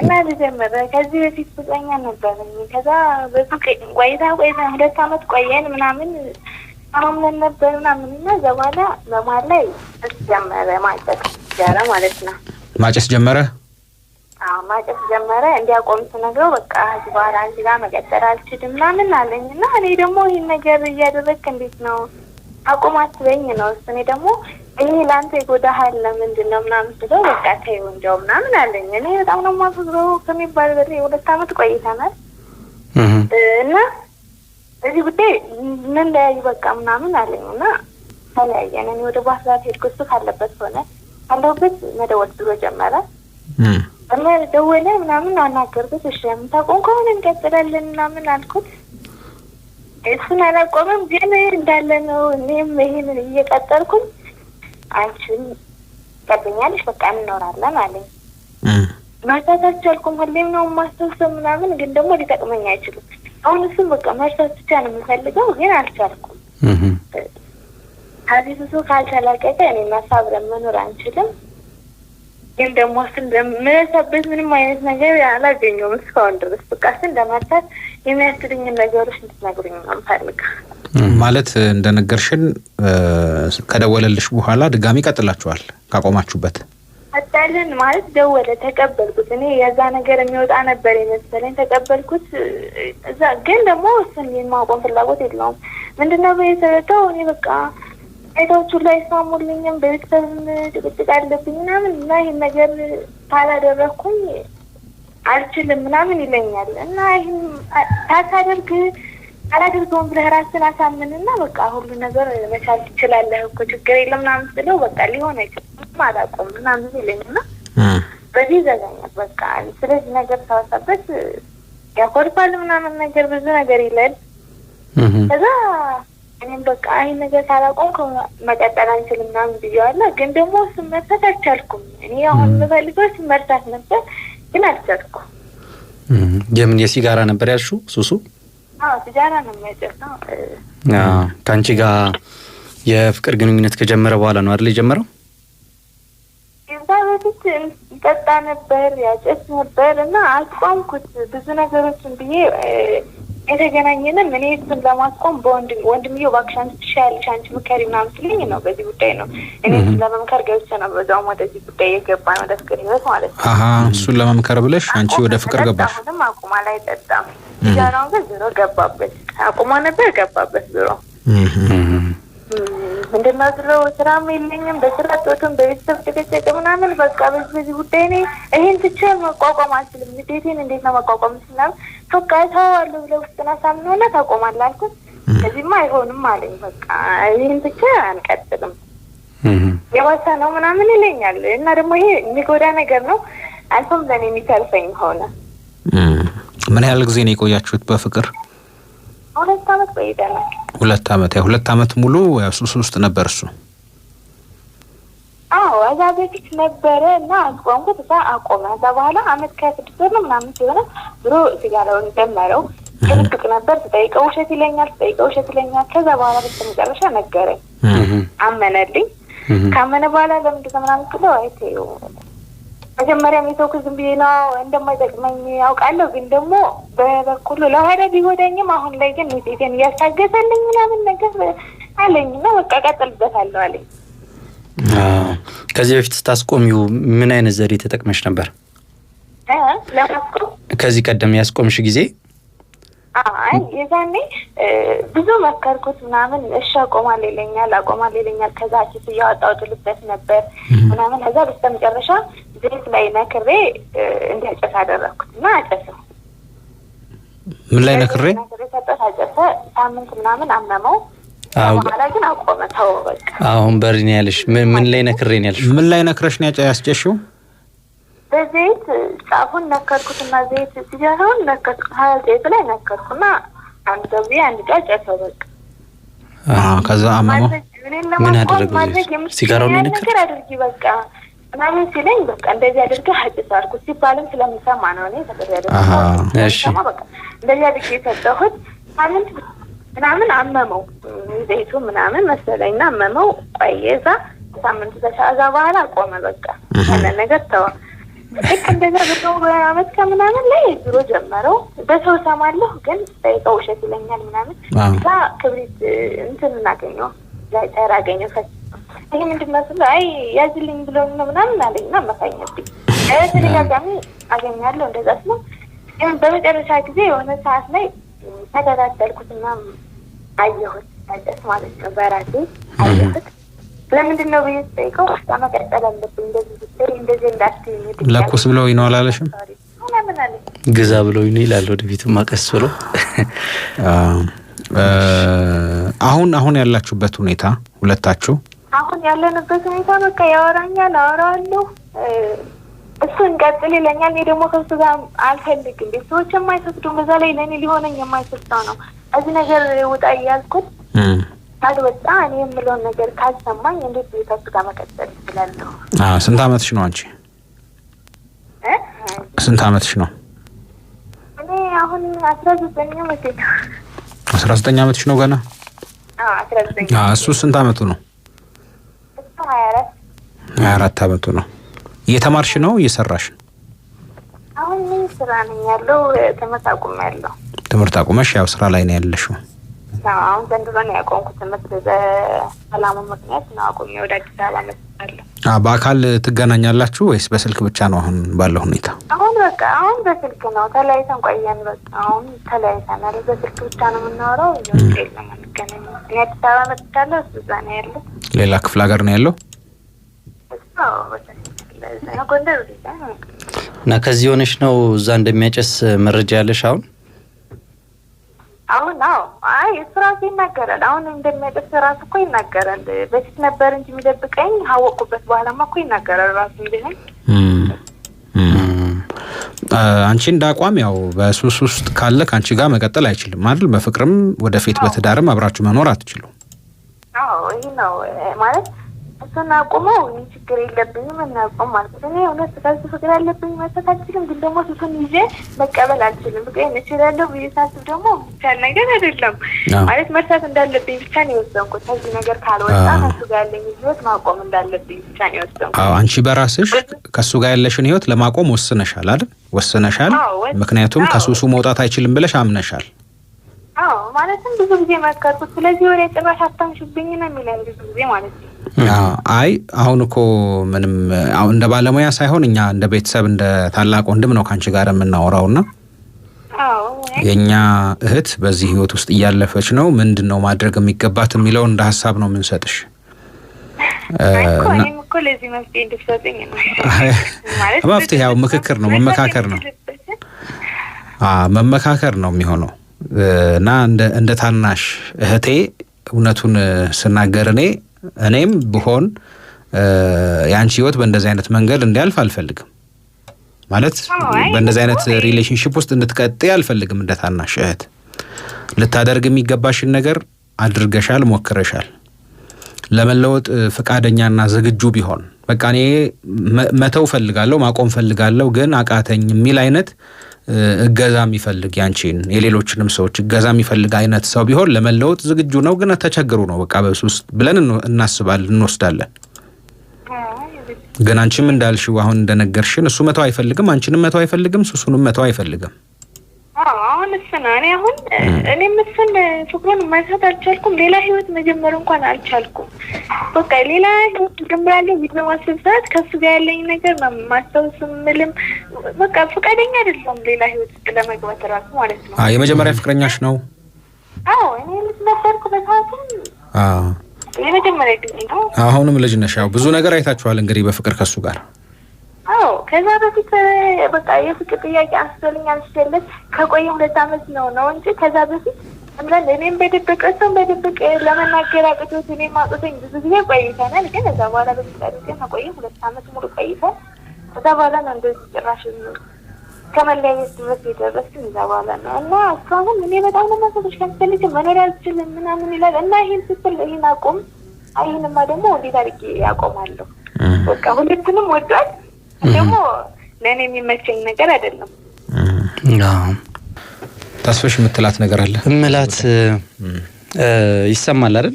እና ተጀመረ። ከዚህ በፊት ፍቅረኛ ነበረኝ። ከዛ በሱ ቆይታ ቆይታ ሁለት አመት ቆየን ምናምን አማምነን ነበር ምናምን እና እዛ በኋላ በመሀል ላይ ጀመረ ማጨስ ጀረ ማለት ነው። ማጨስ ጀመረ ማጨስ ጀመረ። እንዲያቆም ስነግረው በቃ እዚህ በኋላ አንቺ ጋር መቀጠል አልችልም ምናምን አለኝ እና እኔ ደግሞ ይህን ነገር እያደረግክ እንዴት ነው አቁም አትበኝ ነው እሱ። እኔ ደግሞ ይሄ ለአንተ ይጎዳሃል ለምንድን ነው ምናምን ስለው በቃ ተይው እንዲያው ምናምን አለኝ። እኔ በጣም ነው የማፈቅረው ከሚባል በ ሁለት አመት ቆይተናል እና እዚህ ጉዳይ ምን ለያዩ በቃ ምናምን አለኝ እና ተለያየን። እኔ ወደ ባህርዳር ሄድኩ፣ እሱ ካለበት ሆነ ካለሁበት መደወል ብሎ ጀመረ እና ደወለ ምናምን አናገርኩት። እሺ የምታቆም ከሆነ እንቀጥላለን ምናምን አልኩት እሱን አላቆመም ግን እንዳለ ነው። እኔም ይሄንን እየቀጠልኩኝ አንቺን ቀጥኛለሽ በቃ እንኖራለን አለኝ። መርሳት አልቻልኩም። ሁሌም ነው ማስተውሰብ ምናምን ግን ደግሞ ሊጠቅመኝ አይችሉም። አሁን እሱም በቃ መርሳት ብቻ ነው የምፈልገው ግን አልቻልኩም። ከዚህ ብዙ ካልተላቀቀ እኔ እሱ መኖር አንችልም። ግን ደግሞ እሱ እንደምረሳበት ምንም አይነት ነገር አላገኘውም እስካሁን ድረስ በቃ ስን እንደመርሳት የሚያስገኝ ነገሮች እንድትነግሩኝ ነው ፈልጋ ማለት እንደነገርሽን ከደወለልሽ በኋላ ድጋሚ ቀጥላችኋል ካቆማችሁበት ቀጠልን ማለት ደወለ ተቀበልኩት እኔ የዛ ነገር የሚወጣ ነበር የመሰለኝ ተቀበልኩት እዛ ግን ደግሞ እሱን የማቆም ፍላጎት የለውም ምንድነው የተረዳው እኔ በቃ ሁኔታዎቹ ላይ አይስማሙልኝም በቤተሰብ ጭቅጭቅ አለብኝ ምናምን እና ይህን ነገር ካላደረግኩኝ አልችልም ምናምን ይለኛል እና ይህም ታሳደርግ አላደርገውም ብለህ ራስን አሳምንና በቃ ሁሉ ነገር መቻል ትችላለህ እኮ ችግር የለም ምናምን ስለው በቃ ሊሆን አይችልም አላቆም ምናምን ይለኝና በዚህ ይዘጋኛል። በቃ ስለዚህ ነገር ታወሳበት ያኮርፋል ምናምን ነገር ብዙ ነገር ይለል። ከዛ እኔም በቃ ይህ ነገር ሳላቆም መቀጠል አንችልም ምናምን ብዬዋለሁ። ግን ደግሞ ስመርሳት አልቻልኩም። እኔ አሁን የምፈልገው ስመርሳት ነበር ግን አልቻልኩ። የምን የሲጋራ ነበር ያልሺው? ሱሱ ሲጋራ ነው የሚያጨርሰው። ከአንቺ ጋር የፍቅር ግንኙነት ከጀመረ በኋላ ነው አይደል የጀመረው? ከዛ በፊት ጠጣ ነበር፣ ያጨስ ነበር እና አልቋምኩት ብዙ ነገሮችን ብዬ የተገናኘንም እኔ እሱን ለማስቆም በወንድም ወንድምዬው እባክሽ አንቺ ትሻያለሽ አንቺ ምከሪ ምናምን ሲለኝ ነው። በዚህ ጉዳይ ነው እኔ እሱን ለመምከር ገብቼ ነው በዛውም ወደዚህ ጉዳይ የገባ ነው ወደ ፍቅር ህይወት ማለት ነው። አሀ እሱን ለመምከር ብለሽ አንቺ ወደ ፍቅር ገባሽ። አቁማ ላይ ጠጣም እያለውን ግን ዝሮ ገባበት። አቁማ ነበር ገባበት ዞሮ እንድናዝረው ስራም የለኝም በስራ ጦትም በቤተሰብ ጭቅጭቅ ምናምን በቃ በዚህ ጉዳይ እኔ ይህን ትቼ መቋቋም አልችልም። ንዴቴን እንዴት ነው መቋቋም ስናም በቃ እተዋለሁ ብለህ ውስጥን አሳምነውና ታቆማለህ አልኩት። ከዚህማ አይሆንም አለኝ። በቃ ይህን ብቻ አንቀጥልም የባሳ ነው ምናምን ይለኛል። እና ደግሞ ይሄ የሚጎዳ ነገር ነው። አልፎም ለእኔ የሚተርፈኝ ሆነ። ምን ያህል ጊዜ ነው የቆያችሁት በፍቅር? ሁለት አመት ቆይተናል። ሁለት አመት ያው ሁለት አመት ሙሉ ሱስ ውስጥ ነበር እሱ አዎ እዛ በፊት ነበረ እና አስቆምኩት። እዛ አቆመ። እዛ በኋላ አመት ከስድስት ወር ነው ምናምን ሲሆነ ብሮ ሲጋራውን ጀመረው። ቅንቅቅ ነበር። ስጠይቀው ውሸት ይለኛል፣ ስጠይቀው ውሸት ይለኛል። ከዛ በኋላ በስተ መጨረሻ ነገረኝ፣ አመነልኝ። ካመነ በኋላ ለምንድን ነው ምናምን ስለው አይተው መጀመሪያም የተውኩ ዝም ብዬ ነው እንደማይጠቅመኝ ያውቃለሁ። ግን ደግሞ በበኩሉ ለኋላ ቢጎዳኝም አሁን ላይ ግን ውጤቴን እያስታገሰልኝ ምናምን ነገር አለኝ እና በቃ ቀጥልበታለሁ አለኝ። ከዚህ በፊት ስታስቆሚው ምን አይነት ዘዴ ተጠቅመሽ ነበር? ከዚህ ቀደም ያስቆምሽ ጊዜ የዛኔ ብዙ መከርኩት ምናምን። እሺ አቆማል ይለኛል፣ አቆማል ይለኛል። ከዛ ኪስ እያወጣው ነበር ምናምን። ከዛ መጨረሻ ዘይት ላይ ነክሬ እንዲያጨስ አደረግኩት እና አጨሰው። ምን ላይ ነክሬ? ሳምንት ምናምን አመመው። በኋላ ግን አቆመ ተው በቃ። አሁን በርን ያለሽ ምን ላይ ነክሬን ያለሽ ምን ላይ ነክረሽ ነው ያስጨሽው? በዘይት ጫፉን ነከርኩትና ዘይት ሲጃራውን ነከርኩ ሀያ ዘይት ላይ ነከርኩና አንድ ጊዜ አንድ ጫ በቃ ከዛ አመመ። ምን አደረገ? ሲጋራውን ነገር አድርጊ በቃ ማለት ሲለኝ በቃ እንደዚህ አድርገ ሀጭስ ሳርኩ ሲባልም ስለምሰማ ነው እኔ ተቀሪ አድርገ እንደዚህ አድርጌ የሰጠሁት ሳምንት ምናምን አመመው ዘይቱ ምናምን መሰለኝ እና አመመው። ቆየ እዛ ሳምንቱ ተሻዛ በኋላ ቆመ። በቃ ያለ ነገር ተወ። ልክ እንደዛ ብዙ በአመት ከምናምን ላይ ድሮ ጀመረው። በሰው ሰማለሁ ግን ጠይቀው ውሸት ይለኛል ምናምን እዛ ክብሪት እንትን እናገኘው ላይ ጠር አገኘው ከ ይህ ምንድመስሉ አይ ያዝልኝ ብሎ ነው ምናምን አለኝና መፋኘብኝ ተደጋጋሚ አገኛለሁ እንደዛ ስለ በመጨረሻ ጊዜ የሆነ ሰዓት ላይ ተከታተልኩትና አየሁት መለስ ማለት ነው በራሴ አየሁት። ለምንድን ነው ብዬ ስጠይቀው ውስጣ መቀጠል አለብኝ እንደዚህ እንደዚህ እንዳትሄድ ለቁስ ብለው ነው አላለሽም? ግዛ ብለው ነው ይላል። ወደፊት ማቀስ ብሎ አሁን አሁን ያላችሁበት ሁኔታ ሁለታችሁ አሁን ያለንበት ሁኔታ በቃ ያወራኛል፣ አወራዋለሁ እሱን ቀጥል ይለኛል። እኔ ደግሞ ከሱ ጋር አልፈልግም። ቤተሰቦች የማይሰስዱ በዛ ላይ ለእኔ ሊሆነኝ የማይሰስዳው ነው። እዚህ ነገር ውጣ እያልኩት ካልወጣ እኔ የምለውን ነገር ካልሰማኝ እንዴት ከሱ ጋር መቀጠል ይችላለሁ? ስንት አመትሽ ነው አንቺ? ስንት አመትሽ ነው? እኔ አሁን አስራ ዘጠኝ አመቴ አስራ ዘጠኝ አመትሽ ነው ገና? እሱ ስንት አመቱ ነው? ሀያ አራት አመቱ ነው። እየተማርሽ ነው እየሰራሽ ነው? አሁን ምን ስራ ነኝ ያለው ትምህርት አቁም ያለው ትምህርት አቁመሽ ያው ስራ ላይ ነው ያለሽው? አሁን ዘንድሮ ነው ያቆምኩት ትምህርት በሰላሙ ምክንያት ነው አቁሜ ወደ አዲስ አበባ መጥቻለሁ። በአካል ትገናኛላችሁ ወይስ በስልክ ብቻ ነው? አሁን ባለው ሁኔታ አሁን በቃ አሁን በስልክ ነው ተለያይተን ቆየን። በቃ አሁን ተለያይተናል። በስልክ ብቻ ነው የምናወራው። የለም አንገናኝ። እኔ አዲስ አበባ መጥቻለሁ፣ እሱ እዛ ነው ያለው። ሌላ ክፍለ ሀገር ነው ያለው። ጎንደር እና ከዚህ ሆነሽ ነው እዛ እንደሚያጨስ መረጃ ያለሽ? አሁን አሁን አዎ፣ አይ እሱ ራሱ ይናገራል። አሁን እንደሚያጨስ ራሱ እኮ ይናገራል። በፊት ነበር እንጂ የሚደብቀኝ አወቅኩበት በኋላማ እኮ ይናገራል ራሱ እንዲሆን አንቺ እንደ አቋም ያው በሱስ ውስጥ ካለ ከአንቺ ጋር መቀጠል አይችልም አይደል? በፍቅርም ወደፊት በትዳርም አብራችሁ መኖር አትችሉም። ይህ ነው ማለት እሱን አቁመው እኔ ችግር የለብኝም እናቁም ማለት እኔ እውነት ስጋዝ ፍቅር ያለብኝ መሰት አልችልም፣ ግን ደግሞ እሱን ይዤ መቀበል አልችልም። ፍቅር እችላለሁ ብዬ ሳስብ ደግሞ ብቻ ነገር አይደለም ማለት መርሳት እንዳለብኝ ብቻ ነው የወሰንኩት። ከዚህ ነገር ካልወጣ ከሱ ጋር ያለኝ ህይወት ማቆም እንዳለብኝ ብቻ ነው የወሰንኩት። አንቺ በራስሽ ከሱ ጋር ያለሽን ህይወት ለማቆም ወስነሻል አይደል? ወስነሻል። ምክንያቱም ከሱሱ መውጣት አይችልም ብለሽ አምነሻል። ማለትም ብዙ ጊዜ መከርኩት። ስለዚህ ወደ ጭራሽ አታምሽብኝ ነው የሚለኝ ብዙ ጊዜ ማለት ነው። አይ አሁን እኮ ምንም እንደ ባለሙያ ሳይሆን እኛ እንደ ቤተሰብ እንደ ታላቅ ወንድም ነው ከአንቺ ጋር የምናወራውና የእኛ እህት በዚህ ህይወት ውስጥ እያለፈች ነው። ምንድን ነው ማድረግ የሚገባት የሚለው እንደ ሀሳብ ነው የምንሰጥሽ። መፍትሄ ያው ምክክር ነው፣ መመካከር ነው፣ መመካከር ነው የሚሆነው እና እንደ ታናሽ እህቴ እውነቱን ስናገር እኔ እኔም ብሆን የአንቺ ህይወት በእንደዚህ አይነት መንገድ እንዲያልፍ አልፈልግም። ማለት በእንደዚህ አይነት ሪሌሽንሽፕ ውስጥ እንድትቀጥይ አልፈልግም። እንደ ታናሽ እህት ልታደርግ የሚገባሽን ነገር አድርገሻል፣ ሞክረሻል። ለመለወጥ ፈቃደኛና ዝግጁ ቢሆን በቃ እኔ መተው ፈልጋለሁ፣ ማቆም ፈልጋለሁ፣ ግን አቃተኝ የሚል አይነት እገዛ የሚፈልግ ያንቺን የሌሎችንም ሰዎች እገዛ የሚፈልግ አይነት ሰው ቢሆን ለመለወጥ ዝግጁ ነው፣ ግን ተቸግሩ ነው በቃ ውስጥ ብለን እናስባለን እንወስዳለን። ግን አንቺም እንዳልሽው አሁን እንደነገርሽን እሱ መተው አይፈልግም፣ አንቺንም መተው አይፈልግም፣ ሱሱንም መተው አይፈልግም። አሁን እሱን እኔ አሁን እኔ እሱን ፍቅሩን ማንሳት አልቻልኩም። ሌላ ህይወት መጀመር እንኳን አልቻልኩም። በቃ ሌላ ህይወት ጀምራለሁ ብዬ በማስብ ሰዓት ከሱ ጋር ያለኝ ነገር ማስታወስ ምልም በቃ ፈቃደኛ አይደለሁም ሌላ ህይወት ለመግባት ራሱ ማለት ነው። የመጀመሪያ ፍቅረኛሽ ነው? አዎ እኔ ልጅ ነበርኩ በሰዓቱም የመጀመሪያ ጊዜ ነው። አሁንም ልጅ ነሽ። ያው ብዙ ነገር አይታችኋል እንግዲህ በፍቅር ከሱ ጋር ከዛ በፊት በቃ የፍቅር ጥያቄ አንስቶልኝ አንስቶለት ከቆየ ሁለት አመት ነው ነው እንጂ ከዛ በፊት አንዳንድ እኔም በድብቅ እሱም በድብቅ ለመናገር አቅቶት እኔ ማጡተኝ ብዙ ጊዜ ቆይተናል። ግን እዛ በኋላ በሚቀሩት ከቆየ ሁለት አመት ሙሉ ቆይተን እዛ በኋላ ነው እንደዚህ ጭራሽ ከመለያየት ድረስ የደረስን እዛ በኋላ ነው እና እሱ እኔ በጣም ለመሰቶች ካስፈልግ መኖር አልችልም ምናምን ይላል እና ይህን ስትል ይህን አቁም አይህንማ ደግሞ እንዴት አድርጌ ያቆማለሁ በቃ ሁለቱንም ወዷል። ደግሞ ለእኔ የሚመቸኝ ነገር አይደለም። ታስፈሽ የምትላት ነገር አለ እምላት ይሰማል አይደል?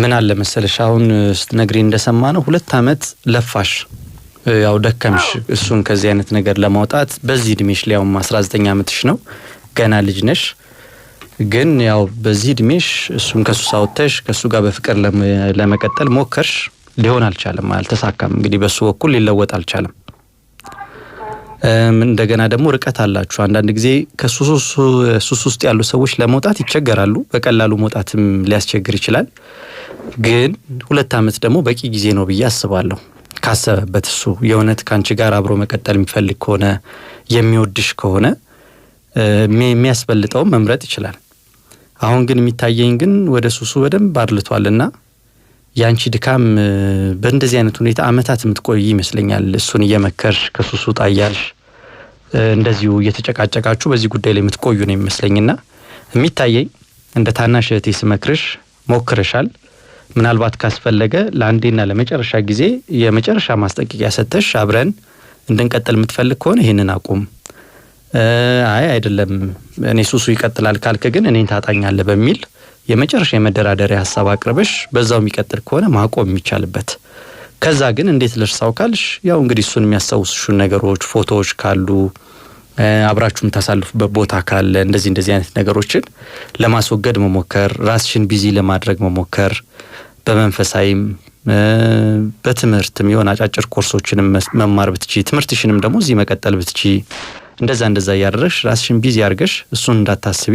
ምን አለ መሰለሽ አሁን ስትነግሪ እንደሰማ ነው ሁለት አመት ለፋሽ ያው ደከምሽ፣ እሱን ከዚህ አይነት ነገር ለማውጣት በዚህ እድሜሽ ሊያውም ያውም አስራ ዘጠኝ አመትሽ ነው ገና ልጅ ነሽ። ግን ያው በዚህ እድሜሽ እሱን ከሱ ሳውተሽ ከሱ ጋር በፍቅር ለመቀጠል ሞከርሽ ሊሆን አልቻለም፣ አልተሳካም። እንግዲህ በሱ በኩል ሊለወጥ አልቻለም። እንደገና ደግሞ ርቀት አላችሁ። አንዳንድ ጊዜ ከሱስ ውስጥ ያሉ ሰዎች ለመውጣት ይቸገራሉ። በቀላሉ መውጣትም ሊያስቸግር ይችላል። ግን ሁለት ዓመት ደግሞ በቂ ጊዜ ነው ብዬ አስባለሁ። ካሰበበት እሱ የእውነት ከአንቺ ጋር አብሮ መቀጠል የሚፈልግ ከሆነ የሚወድሽ ከሆነ የሚያስበልጠውም መምረጥ ይችላል። አሁን ግን የሚታየኝ ግን ወደ ሱሱ በደንብ አድልቷልና ያንቺ ድካም በእንደዚህ አይነት ሁኔታ አመታት የምትቆይ ይመስለኛል። እሱን እየመከር ከሱሱ ጣያል እንደዚሁ እየተጨቃጨቃችሁ በዚህ ጉዳይ ላይ የምትቆዩ ነው የሚመስለኝና የሚታየኝ እንደ ታናሽ እህቴ ስመክርሽ ሞክርሻል። ምናልባት ካስፈለገ ለአንዴና ለመጨረሻ ጊዜ የመጨረሻ ማስጠንቀቂያ ሰጥተሽ አብረን እንድንቀጥል የምትፈልግ ከሆነ ይህንን አቁም፣ አይ አይደለም እኔ ሱሱ ይቀጥላል ካልክ ግን እኔን ታጣኛለህ በሚል የመጨረሻ የመደራደሪያ ሀሳብ አቅርበሽ በዛው የሚቀጥል ከሆነ ማቆም የሚቻልበት ከዛ ግን እንዴት ልርሳው ካልሽ ያው እንግዲህ እሱን የሚያስታውሱሽን ነገሮች ፎቶዎች ካሉ አብራችሁ የምታሳልፉበት ቦታ ካለ እንደዚህ እንደዚህ አይነት ነገሮችን ለማስወገድ መሞከር፣ ራስሽን ቢዚ ለማድረግ መሞከር፣ በመንፈሳዊም በትምህርትም የሆነ አጫጭር ኮርሶችንም መማር ብትቺ፣ ትምህርትሽንም ደግሞ እዚህ መቀጠል ብትቺ፣ እንደዛ እንደዛ እያደረግሽ ራስሽን ቢዚ አድርገሽ እሱን እንዳታስቢ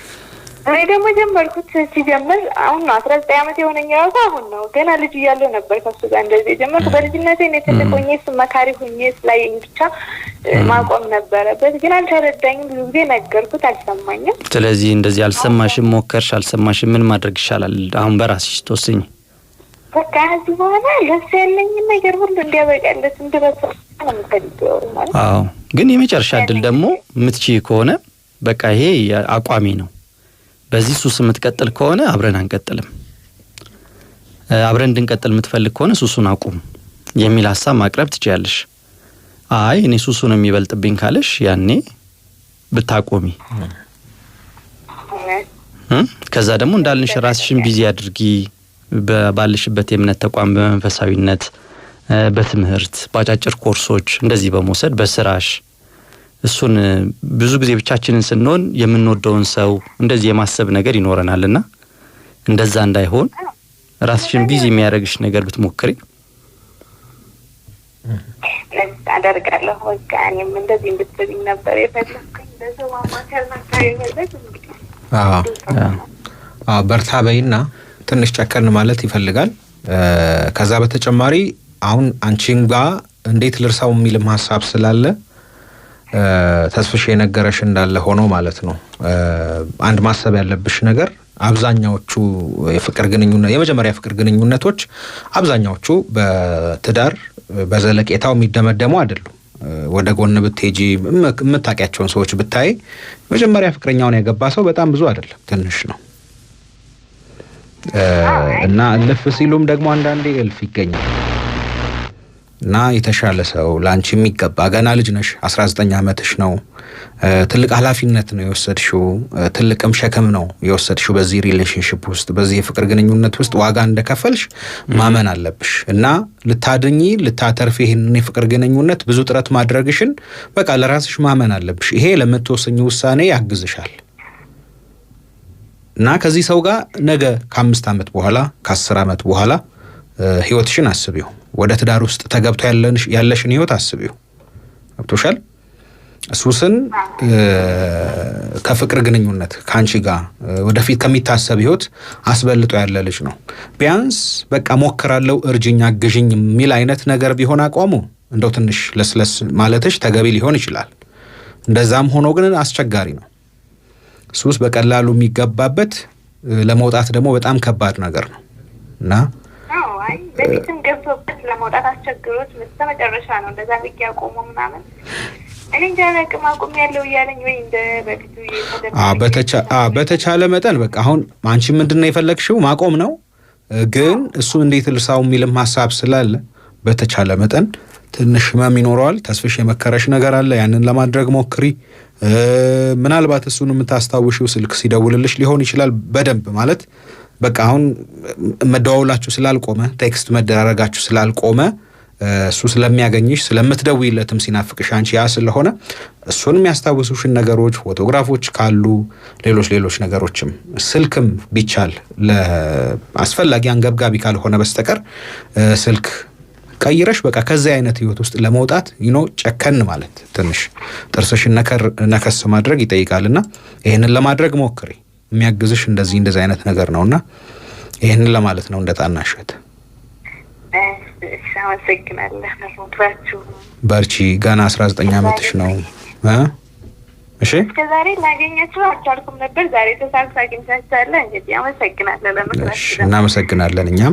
እኔ ደግሞ ጀመርኩት ሲጀምር አሁን ነው አስራ ዘጠኝ ዓመት የሆነኝ ራሱ አሁን ነው። ገና ልጅ እያለሁ ነበር ከሱ ጋር እንደዚህ የጀመርኩ። በልጅነት ነ ትልቅ ሆኜ መካሪ ሆኜ ላይ ብቻ ማቆም ነበረበት፣ ግን አልተረዳኝም። ብዙ ጊዜ ነገርኩት፣ አልሰማኝም። ስለዚህ እንደዚህ አልሰማሽም፣ ሞከርሽ፣ አልሰማሽም። ምን ማድረግ ይሻላል? አሁን በራስሽ ተወስኝ። በቃ ከዚህ በኋላ ለሱ ያለኝን ነገር ሁሉ እንዲያበቃለት እንድበሰ ነው የምፈልገው። ግን የመጨረሻ እድል ደግሞ ምትች ከሆነ በቃ ይሄ አቋሚ ነው በዚህ ሱስ የምትቀጥል ከሆነ አብረን አንቀጥልም፣ አብረን እንድንቀጥል የምትፈልግ ከሆነ ሱሱን አቁም የሚል ሀሳብ ማቅረብ ትችያለሽ። አይ እኔ ሱሱን የሚበልጥብኝ ካለሽ ያኔ ብታቆሚ፣ ከዛ ደግሞ እንዳልንሽ ራስሽን ቢዚ አድርጊ ባለሽበት የእምነት ተቋም በመንፈሳዊነት፣ በትምህርት፣ በአጫጭር ኮርሶች እንደዚህ በመውሰድ በስራሽ እሱን ብዙ ጊዜ ብቻችንን ስንሆን የምንወደውን ሰው እንደዚህ የማሰብ ነገር ይኖረናል እና እንደዛ እንዳይሆን ራስሽን ቢዚ የሚያደርግሽ ነገር ብትሞክሪ አደርጋለሁ። በርታ በይና ትንሽ ጨከን ማለት ይፈልጋል። ከዛ በተጨማሪ አሁን አንቺን እንዴት ልርሳው የሚልም ሀሳብ ስላለ ተስፍሽ የነገረሽ እንዳለ ሆኖ ማለት ነው። አንድ ማሰብ ያለብሽ ነገር አብዛኛዎቹ የፍቅር ግንኙነት የመጀመሪያ ፍቅር ግንኙነቶች አብዛኛዎቹ በትዳር በዘለቄታው የሚደመደሙ አይደሉም። ወደ ጎን ብትጂ የምታውቂያቸውን ሰዎች ብታይ መጀመሪያ ፍቅረኛውን ያገባ ሰው በጣም ብዙ አይደለም፣ ትንሽ ነው እና እልፍ ሲሉም ደግሞ አንዳንዴ እልፍ ይገኛል። እና የተሻለ ሰው ለአንቺ የሚገባ ገና ልጅ ነሽ፣ 19 ዓመትሽ ነው። ትልቅ ኃላፊነት ነው የወሰድሽው፣ ትልቅም ሸክም ነው የወሰድሽው። በዚህ ሪሌሽንሽፕ ውስጥ በዚህ የፍቅር ግንኙነት ውስጥ ዋጋ እንደከፈልሽ ማመን አለብሽ እና ልታድኚ ልታተርፊ ይህንን የፍቅር ግንኙነት ብዙ ጥረት ማድረግሽን በቃ ለራስሽ ማመን አለብሽ። ይሄ ለምትወስኝ ውሳኔ ያግዝሻል እና ከዚህ ሰው ጋር ነገ ከአምስት ዓመት በኋላ ከአስር ዓመት በኋላ ህይወትሽን አስቢው። ወደ ትዳር ውስጥ ተገብቶ ያለሽን ህይወት አስቢው። ገብቶሻል? እሱስን ከፍቅር ግንኙነት ከአንቺ ጋር ወደፊት ከሚታሰብ ህይወት አስበልጦ ያለ ልጅ ነው። ቢያንስ በቃ ሞክራለው፣ እርጅኝ፣ አግዥኝ የሚል አይነት ነገር ቢሆን አቋሙ እንደው ትንሽ ለስለስ ማለትሽ ተገቢ ሊሆን ይችላል። እንደዛም ሆኖ ግን አስቸጋሪ ነው። እሱስ በቀላሉ የሚገባበት ለመውጣት ደግሞ በጣም ከባድ ነገር ነው እና ከኢትዮጵያ ለመውጣት አስቸግሮት እስከ መጨረሻ ነው እንደዛ ብቅ ያቆሙ ምናምን እኔ ያለው እያለኝ ወይ እንደ በተቻለ መጠን በቃ አሁን አንቺ ምንድን ነው የፈለግሽው? ማቆም ነው ግን እሱ እንዴት ልሳው የሚልም ሀሳብ ስላለ በተቻለ መጠን ትንሽ ህመም ይኖረዋል። ተስፍሽ የመከረሽ ነገር አለ። ያንን ለማድረግ ሞክሪ። ምናልባት እሱን የምታስታውሽው ስልክ ሲደውልልሽ ሊሆን ይችላል። በደንብ ማለት በቃ አሁን መደዋውላችሁ ስላልቆመ ቴክስት መደራረጋችሁ ስላልቆመ እሱ ስለሚያገኝሽ ስለምትደውይለትም ሲናፍቅሽ አንቺ ያ ስለሆነ እሱን የሚያስታውሱሽን ነገሮች ፎቶግራፎች ካሉ ሌሎች ሌሎች ነገሮችም ስልክም ቢቻል ለአስፈላጊ አንገብጋቢ ካልሆነ በስተቀር ስልክ ቀይረሽ በቃ ከዚህ አይነት ህይወት ውስጥ ለመውጣት ይኖ ጨከን ማለት ትንሽ ጥርስሽን ነከስ ማድረግ ይጠይቃልና ይህንን ለማድረግ ሞክሪ። የሚያግዝሽ እንደዚህ እንደዚህ አይነት ነገር ነው እና ይህንን ለማለት ነው እንደ ጣናሽ እህት። በርቺ። ገና አስራ ዘጠኝ አመትሽ ነው። እሺ እስከ ዛሬ ላገኛችሁ አልቻልኩም ነበር። ዛሬ ተሳክቶ አግኝቻችኋለሁ። እንግዲህ አመሰግናለሁ ለምክራችሁ። እናመሰግናለን እኛም